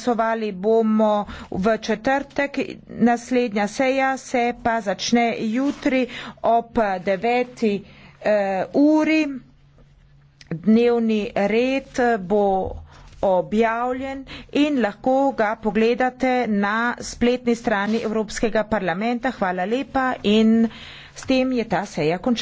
glasovali bomo v četrtek, naslednja seja se pa začne jutri ob 9. Eh, uri. Dnevni red bo objavljen in lahko ga pogledate na spletni strani Evropskega parlamenta. Hvala lepa in s tem je ta seja končana.